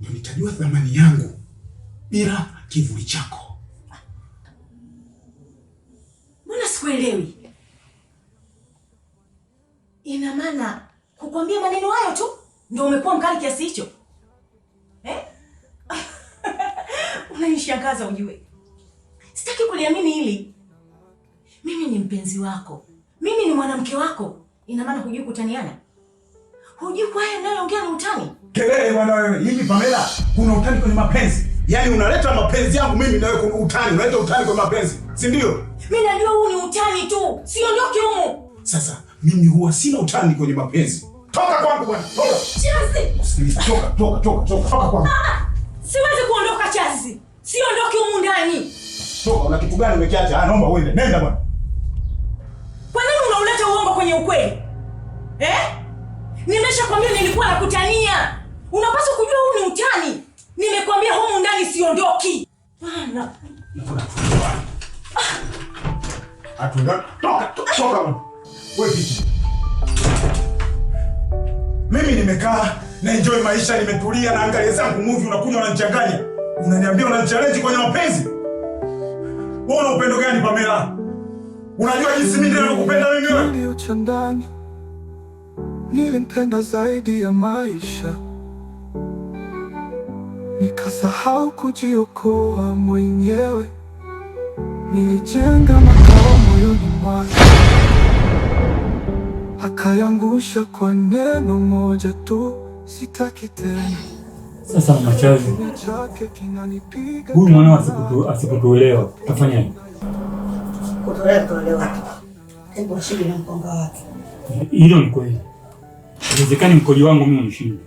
ndio nitajua thamani yangu bila kivuli chako. Mbona sikuelewi? Ina maana kukwambia maneno hayo tu ndio umekuwa mkali kiasi hicho eh? Unanishangaza ujue, sitaki kuliamini hili. Mimi ni mpenzi wako, mimi ni mwanamke wako. Ina maana hujui kutaniana, hujui kwa haya ninayoongea ni utani kelele bwana. Hivi Pamela, kuna utani kwenye mapenzi? Yaani unaleta mapenzi yangu mimi na wewe kuna utani, unaleta utani kwenye mapenzi, si ndio? Mimi najua huu ni utani tu, siondoke humu. Sasa mimi huwa sina utani kwenye mapenzi. Toka kwangu bwana, toka. Chazi. Toka, toka, toka, toka, toka kwangu. Ah, ah, siwezi kuondoka Chazi. Siondoke humu ndani. Toka, una kitu gani umekiacha? Ah, naomba uende. Nenda bwana. Kwa nini unauleta uongo kwenye ukweli? Eh? Nimeshakwambia nilikuwa nakutania. Unapaswa kujua huu ni utani. Nimekwambia humu ndani siondoki. Bana. Atunda. Toka, toka. Wewe vipi? Mimi nimekaa na enjoy maisha, nimetulia na angalia zangu movie, unakuja unanichanganya. Unaniambia unanichallenge kwenye mapenzi. Wewe una upendo gani Pamela? Unajua jinsi mimi ninavyokupenda mimi wewe? Nilimpenda zaidi ya maisha nikasahau kujiokoa mwenyewe. Nilijenga makao moyoni mwake, akayangusha kwa neno moja tu, sitaki tena. Sasa machozi, huyu mwanao asikutuelewa, tutafanyaje? Hilo ni kweli, inawezekani mkojo wangu mimi unishinde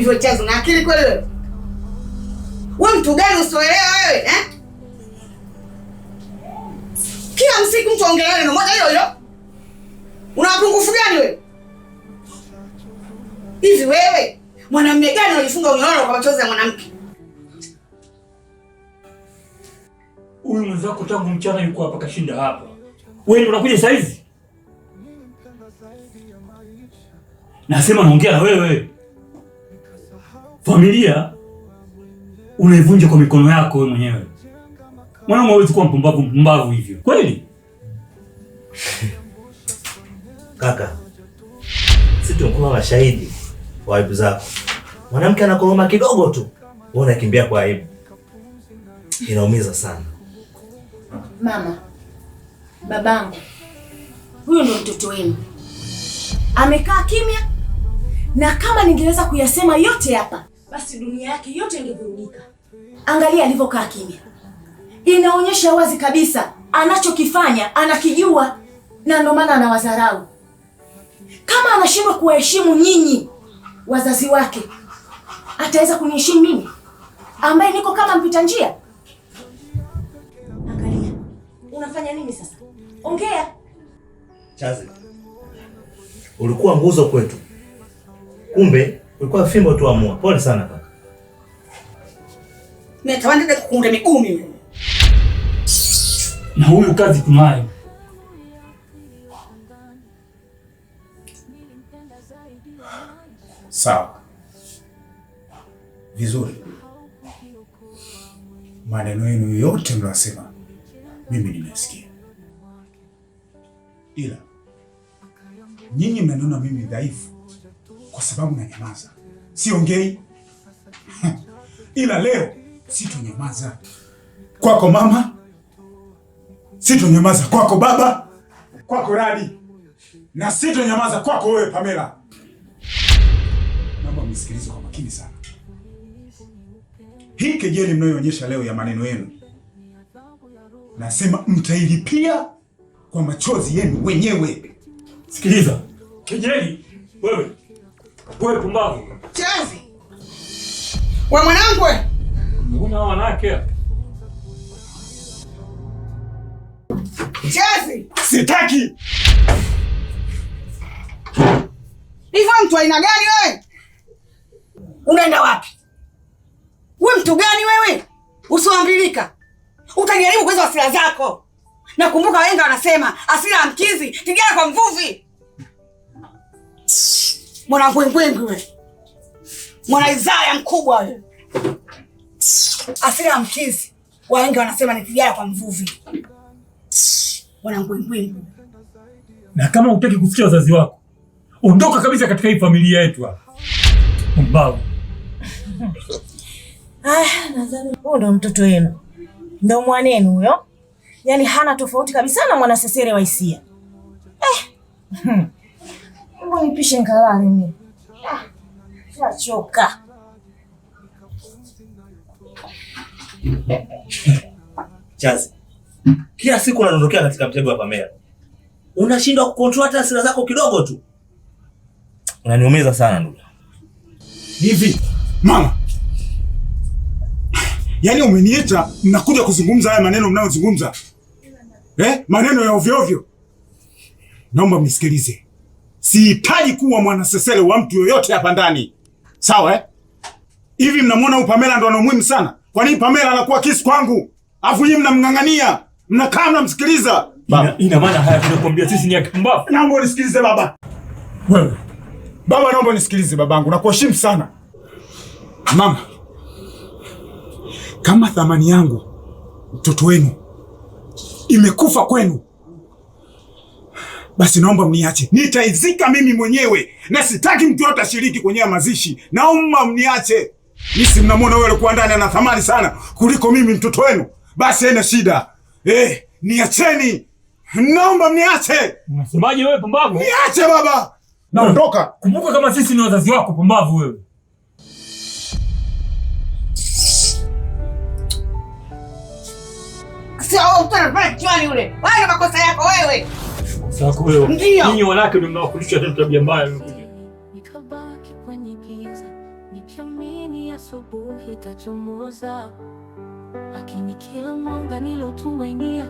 ulivyocheza na akili kweli wewe? Wewe mtu gani usioelewa wewe eh? Kila msiku mtu aongelea neno moja hiyo hiyo. Una mapungufu gani wewe? Hivi wewe mwanamume gani unajifunga unyororo kwa machozi ya mwanamke? Huyu mwenzako tangu mchana yuko hapa kashinda hapa. Wewe ndio unakuja saa hizi? Nasema naongea na wewe. Familia unaivunja kwa mikono yako wewe mwenyewe. Mwanaume hawezi kuwa mpumbavu mpumbavu hivyo. Kweli? Kaka. Sisi tunakuwa washahidi wa aibu zako. Mwanamke anakoroma kidogo tu, wewe unakimbia kwa aibu. Inaumiza sana. Mama. Babangu. Huyu ndo mtoto wenu. Amekaa kimya na kama ningeweza kuyasema yote hapa basi dunia yake yote ingevurugika. Angalia alivyokaa kimya, inaonyesha wazi kabisa anachokifanya anakijua, na ndio maana anawadharau. Kama anashindwa kuwaheshimu nyinyi wazazi wake, ataweza kuniheshimu mimi ambaye niko kama mpita njia? Angalia unafanya nini sasa, ongea Chazi. Ulikuwa nguzo kwetu, kumbe Ulikuwa fimbo tu amua. Pole sana kaka. Natamani na kukunja miguu mimi. Na huyu kazi tunayo. Sawa. Vizuri. Maneno yenu yote mnasema mimi nimesikia, ila nyinyi mnaniona mimi dhaifu kwa sababu nanyamaza, siongei ila leo sitonyamaza kwako mama, sitonyamaza kwako baba, kwako Radi, na sitonyamaza kwako wewe Pamela. Naomba mnisikilize kwa makini sana. Hii kejeli mnayoonyesha leo ya maneno yenu, nasema mtailipia kwa machozi yenu wenyewe. Sikiliza kejeli wewe wewe pumbavu. Chazi. Wewe mwanangu wewe. Mbona wanawake? Chazi. Sitaki. Hivyo mtu aina gani wewe? Unaenda wapi? Wewe mtu gani wewe? Usiambilika. Utajaribu kuweza hasira zako. Nakumbuka wenga wanasema hasira mkizi, tigana kwa mvuvi. Mwana ngwingwingi Mwana Isaya mkubwa wewe. Asili ya mchizi. Wengi wanasema ni kijana kwa mvuvi. Mwana ngwingwingi. Na kama utaki kufikia wazazi wako, ondoka kabisa katika hii familia yetu hapa. Mbao. Ah, nadhani huyo ndo mtoto wenu. Ndo mwanenu huyo. Yaani hana tofauti kabisa na mwana sesere wa Eh. Hmm. Hebu nipishe ngalale mimi. Ah, nachoka. Chazi. Kila siku unadondokea katika mtego wa Pamela. Unashindwa kukontrol hata hasira zako kidogo tu. Unaniumiza sana ndugu. Hivi, mama. Yaani umeniita mnakuja kuzungumza haya maneno mnayozungumza. Eh? Maneno ya ovyo ovyo. Naomba mnisikilize. Sihitaji kuwa mwanasesele wa mtu yoyote hapa ndani, sawa eh? Hivi mnamwona huyu Pamela ndo ana muhimu sana? Kwa nini Pamela anakuwa kisu kwangu, alafu nyinyi mnamng'ang'ania, mnakaa mnamsikiliza? Ina, ina maana haya tunakwambia sisi ni akamba. Naomba unisikilize baba. Wewe baba, naomba unisikilize babangu, nakuheshimu sana. Mama, kama thamani yangu mtoto wenu imekufa kwenu basi naomba mniache, nitaizika mimi mwenyewe na sitaki mtu yote ashiriki kwenye mazishi. Naomba mniache, nisi mnamwona wewe alikuwa ndani ana thamani sana kuliko mimi, mtoto wenu. Basi haina shida eh, niacheni, naomba mniache. Unasemaje wewe pumbavu? Niache baba, naondoka. Kumbuka kama sisi ni wazazi wako, pumbavu wewe. Sio, utana pale kichwani ule. Wewe makosa yako wewe. Ninyi wanawake ndio mnawafundisha watoto tabia mbaya. Nikabaki kwenye giza, nikiamini asubuhi itachomoza, lakini kila mwanga nilotumainia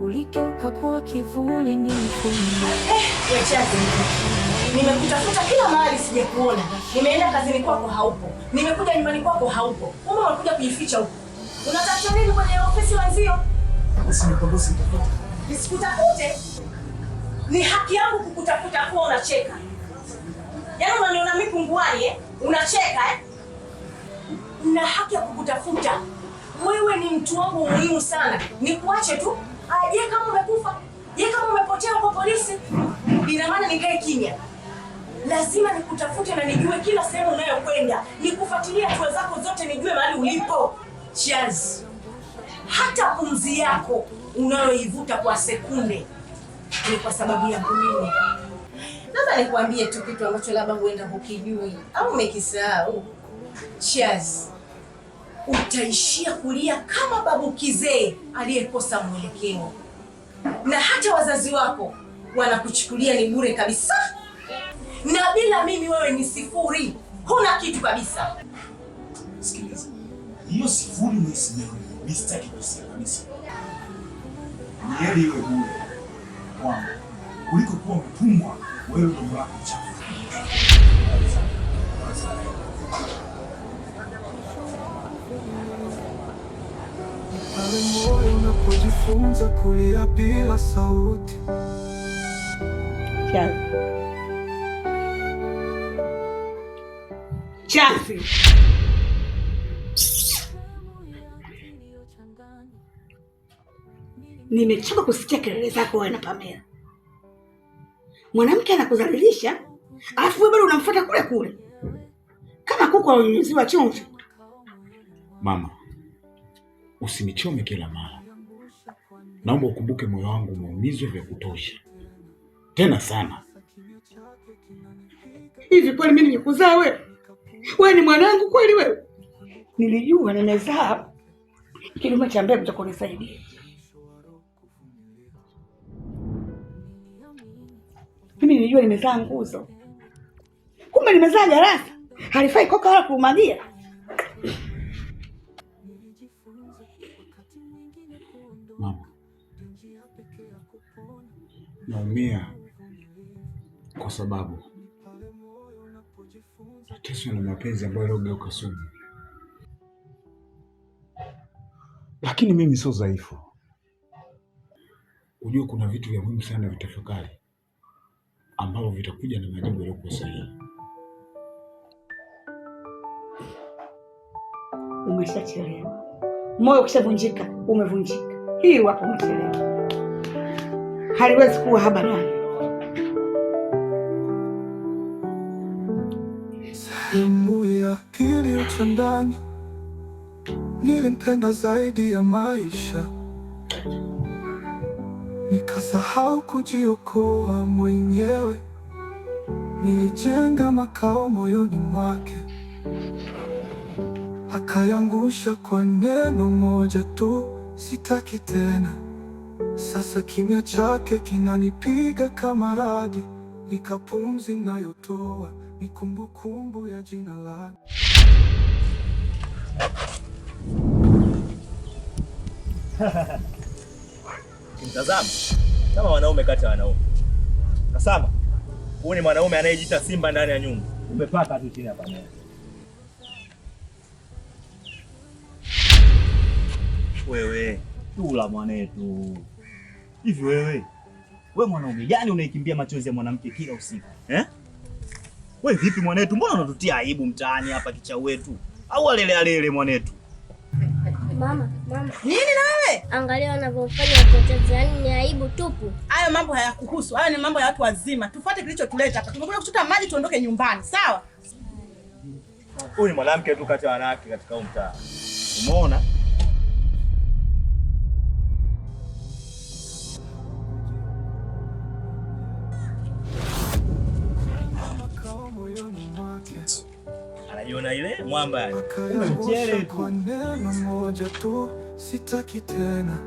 uligeuka kuwa kivuli. Eh, nimekutafuta kila mahali sijakuona. Nimeenda kazini kwako haupo, nimekuja nyumbani kwako haupo, ume unakuja kujificha huko. Unatafuta nini kwenye ofisi wenzio? Usinipogose, ni haki yangu kukutafuta kuwa unacheka. Yaani unaniona mimi punguani eh? Unacheka eh? Na haki ya kukutafuta. Wewe ni mtu wangu muhimu sana. Nikuache tu. Aje ah, kama umekufa? Je, kama umepotea kwa polisi? Ina maana nikae kimya? Lazima nikutafute na nijue kila sehemu unayokwenda, nikufuatilia hatua zako zote, nijue mahali ulipo. Cheers. Hata pumzi yako unayoivuta kwa sekunde ni kwa sababu ya mimi. Sasa nikuambie tu kitu ambacho labda huenda hukijui au umekisahau. Cheers. Utaishia kulia kama babu kizee aliyekosa mwelekeo, na hata wazazi wako wanakuchukulia ni bure kabisa, na bila mimi wewe ni sifuri, huna kitu kabisa. Sikiliza, hiyo sifuri msitaki kusema kabisa, iwe bure kwangu kuliko kuwa umetumwa wewe dogo lako mchafu. Pale moyo unapojifunza kulia bila sauti chafi nimechoka kusikia kelele zako wewe na Pamela. Mwanamke anakudhalilisha alafu wewe bado unamfuata kule kule kama kuku wa chumvi. Mama, usinichome kila mara, naomba ukumbuke moyo wangu umeumizwa vya kutosha, tena sana. Hivi kweli mimi nimekuzaa wewe? Wewe ni mwanangu kweli? Wewe nilijua nimezaa kilima cha mbegu cha kunisaidia nijue nimezaa nguzo, kumbe nimezaa darasa, Halifai koka wala kuumagia. Mama, naumia kwa sababu nateswa na mapenzi ambayo yaliogeuka sumu, lakini mimi sio dhaifu. Ujue kuna vitu vya muhimu sana vitafakari ambavyo vitakuja na majibu yaliyokuwa sahihi. Umeshachelewa, moyo ukishavunjika umevunjika, hii wapo, umechelewa, haliwezi kuwa habari. Sehemu ya pili uchandani nilimpenda zaidi ya maisha nikasahau kujiokoa mwenyewe. Nilijenga makao moyoni mwake, akayangusha kwa neno moja tu, sitaki tena. Sasa kimya chake kinanipiga kama radi, nikapumzi nayotoa ni kumbukumbu ya jina lake. mtazama kama wanaume kati ya wanaume. Kasama, huyu ni mwanaume anayejiita simba ndani ya nyumba. Umepaka tu chini hapa. Wewe tula mwanetu, hivi wewe we mwanaume gani unaikimbia machozi ya mwanamke kila usiku eh? We vipi mwanetu, mbona unatutia aibu mtaani hapa kicha wetu, au alele alele mwanetu Mama, mama. Nini nawe? Angalia wanavyofanya watoto, yaani ni aibu tupu. Hayo mambo hayakuhusu. Hayo ni mambo ya watu wazima. Tufuate kilichotuleta hapa. Tumekuja kuchota maji tuondoke nyumbani, sawa? Huyu ni mwanamke tu kati ya wanawake katika huu mtaa. Umeona? na ile mwamba mchele tu. Neno moja tu sitaki tena.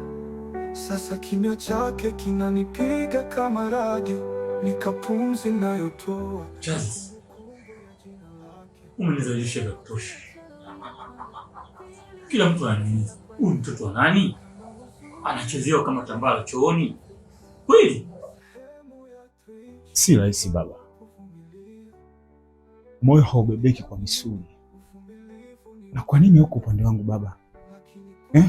Sasa kimya chake kinanipiga kama radi, nikapumzi nayotoa Chance, umenizalisha vya kutosha. Kila mtu ananiuliza huyu mtoto wa nani, anachezewa kama tambara chooni. Kweli si rahisi baba moyo haubebeki kwa misuli. Na kwa nini huko upande wangu baba eh?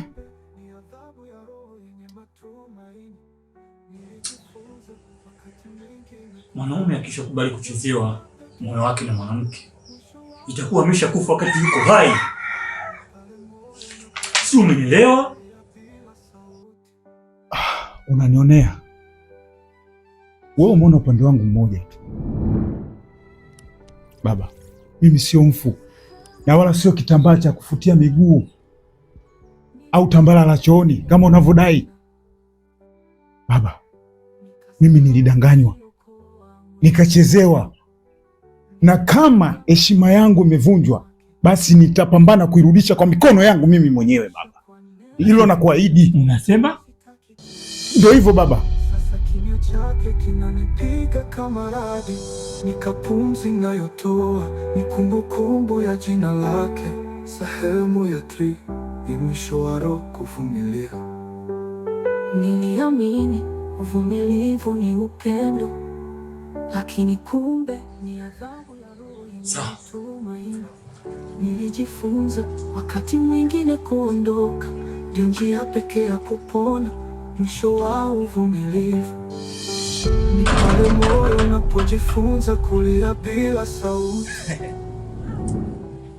Mwanaume akishakubali kuchezewa moyo wake na mwanamke itakuwa ameshakufa wakati yuko hai, si umenielewa? Ah, unanionea wewe, umeona upande wangu mmoja tu Baba, mimi sio mfu na wala sio kitambaa cha kufutia miguu au tambala la chooni kama unavyodai baba. Mimi nilidanganywa nikachezewa, na kama heshima yangu imevunjwa, basi nitapambana kuirudisha kwa mikono yangu mimi mwenyewe baba, hilo na kuahidi. Unasema ndio hivyo baba. Sasa kilio chake kinanipiga kama radi ni kapunzi inayotoa ni kumbukumbu ya jina lake. Sehemu ya tri ni mwisho wa roho kuvumilia. Niliamini uvumilivu ni upendo, lakini kumbe ni adhabu ya roho tumaini. Nilijifunza wakati mwingine kuondoka ndio njia pekee ya kupona, mwisho wa uvumilivu pale moyo unapojifunza kulia bila sauti.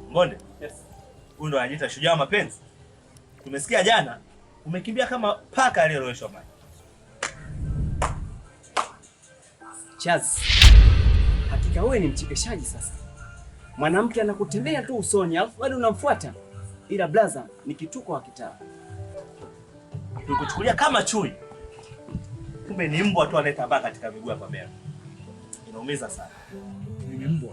Mbonde, yes. Huyu ndo anajiita shujaa mapenzi. Tumesikia jana umekimbia kama paka aliyeloweshwa maji. Chaz, hakika wewe ni mchekeshaji sasa. Mwanamke anakutembea tu usoni alafu bado unamfuata, ila blaza ni kituko wa kitaa. Tukuchukulia kama chui kumbe ni mbwa tu anayetambaa katika miguu ya Pamela. Inaumiza sana. Mimi mbwa?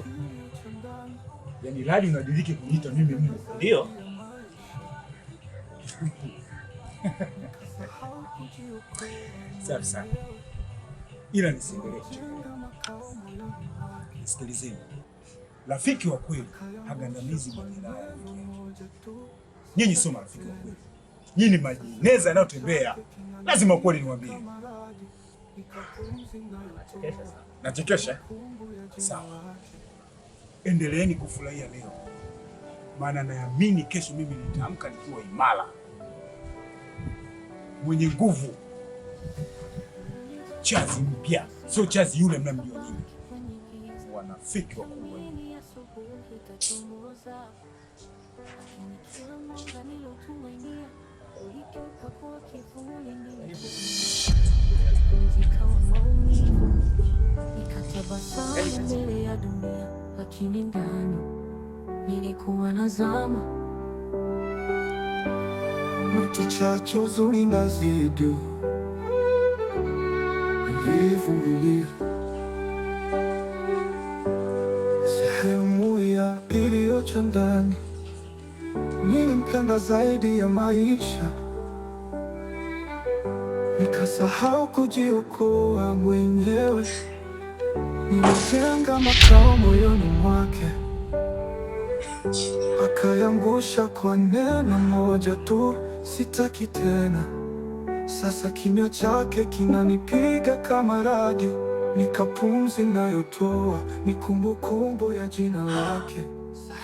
Yaani radi unadiriki kuniita mimi mbwa? Ndio. Safi sana, ila nisiendelee Nisikilizeni, rafiki wa kweli hagandamizi majeraha yake. Nyinyi sio marafiki wa kweli, nyinyi ni majeneza yanayotembea. Lazima kweli niwaambie Natikesha. Sawa, endeleeni kufurahia leo, maana naamini kesho mimi nitaamka nikiwa imara, mwenye nguvu. Chazi mpya, sio chazi yule mnamjua nini, wanafiki wakubwa. Nikatabasamu mbele ya dunia, lakini ndani nilikuwa nazama. Mti chache huzuni na zidu sehemu ya iliyocha ndani nilimpenda zaidi ya maisha nikasahau kujiokoa mwenyewe nimejenga makao moyoni mwake, akayangusha kwa neno moja tu, sitaki tena. Sasa kimya chake kinanipiga kama radi, ni pumzi nayotoa, ni kumbukumbu ya jina lake.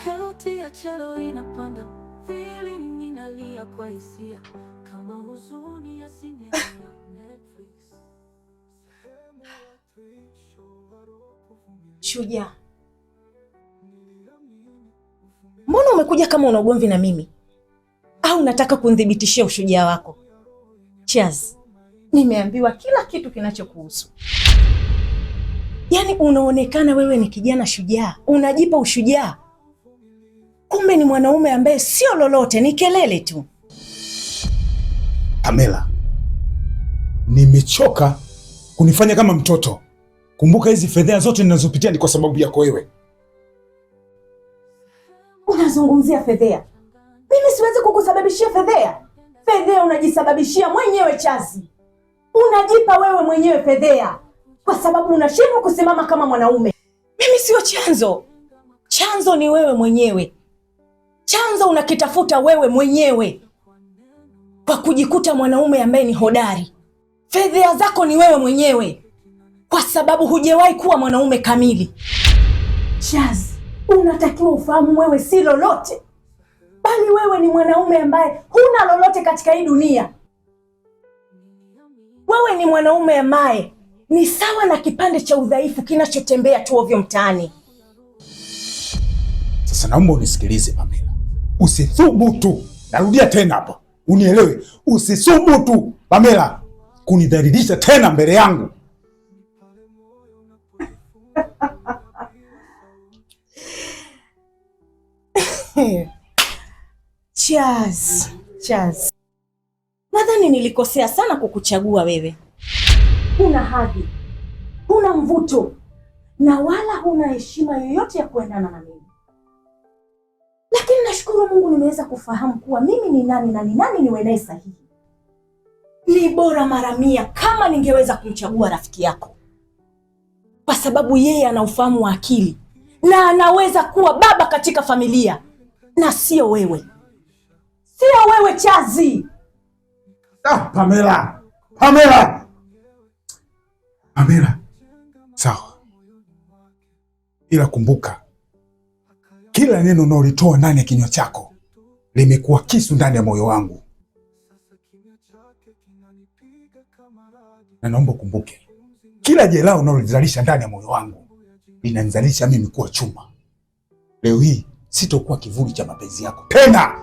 Sauti ya chelo inapanda, feeling inalia kwa hisia, kama huzuni ya sinia Shujaa, mbona umekuja kama una ugomvi na mimi au unataka kunithibitishia ushujaa wako? Chaz, nimeambiwa kila kitu kinachokuhusu. Yaani unaonekana wewe ni kijana shujaa, unajipa ushujaa, kumbe ni mwanaume ambaye sio lolote, ni kelele tu. Pamela, nimechoka kunifanya kama mtoto. Kumbuka hizi fedheha zote ninazopitia ni kwa sababu yako wewe. Unazungumzia fedheha? Mimi siwezi kukusababishia fedheha. Fedheha unajisababishia mwenyewe, Chazi. Unajipa wewe mwenyewe fedheha kwa sababu unashindwa kusimama kama mwanaume. Mimi sio chanzo, chanzo ni wewe mwenyewe. Chanzo unakitafuta wewe mwenyewe kwa kujikuta mwanaume ambaye ni hodari. Fedheha zako ni wewe mwenyewe kwa sababu hujawahi kuwa mwanaume kamili. Chaz, unatakiwa ufahamu wewe si lolote, bali wewe ni mwanaume ambaye huna lolote katika hii dunia. Wewe ni mwanaume ambaye ni sawa na kipande cha udhaifu kinachotembea tu ovyo mtaani. Sasa naomba unisikilize Pamela, usithubutu, narudia tena hapa, unielewe, usithubutu Pamela kunidhalilisha tena mbele yangu. Cheers. Cheers. Nadhani nilikosea sana kukuchagua wewe. Huna hadhi, huna mvuto na wala huna heshima yoyote ya kuendana na mimi, lakini nashukuru Mungu nimeweza kufahamu kuwa mimi ni nani na ni nani niwe naye sahihi. Ni bora mara mia kama ningeweza kumchagua rafiki yako, kwa sababu yeye ana ufahamu wa akili na anaweza kuwa baba katika familia na sio wewe, sio wewe chazi. Ah, Pamela, Pamela, Pamela, sawa, ila kumbuka kila neno unaolitoa ndani ya kinywa chako limekuwa kisu ndani ya moyo wangu, na naomba ukumbuke kila jeraha unalozalisha ndani ya moyo wangu linanizalisha mimi kuwa chuma. Leo hii sitokuwa kivuli cha mapenzi yako tena.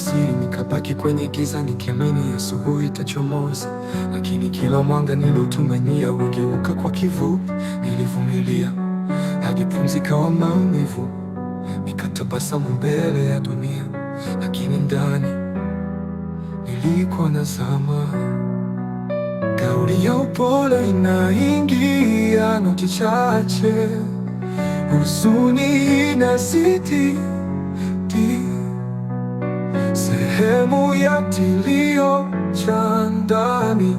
siri, nikabaki kwenye giza nikiamini asubuhi itachomoza, lakini kila mwanga niliotumania ugeuka kwa kivuli. Nilivumilia hadi pumzi ikawa maumivu, nikatabasamu mbele ya dunia, lakini ndani nilikuwa nazama. Kauli ya upole inaingia, noti chache huzuni inasiti sehemu ya kilio cha ndani.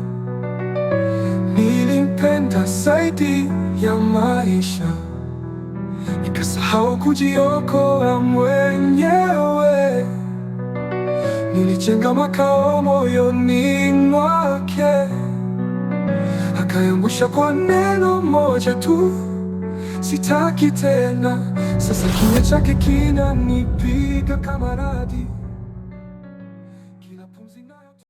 Nilimpenda zaidi ya maisha, nikasahau kujiokoa mwenyewe. Nilichenga makao moyoni mwake, akaangusha kwa neno moja tu, sitaki tena. Sasa kimya chake kinanipiga kama radi.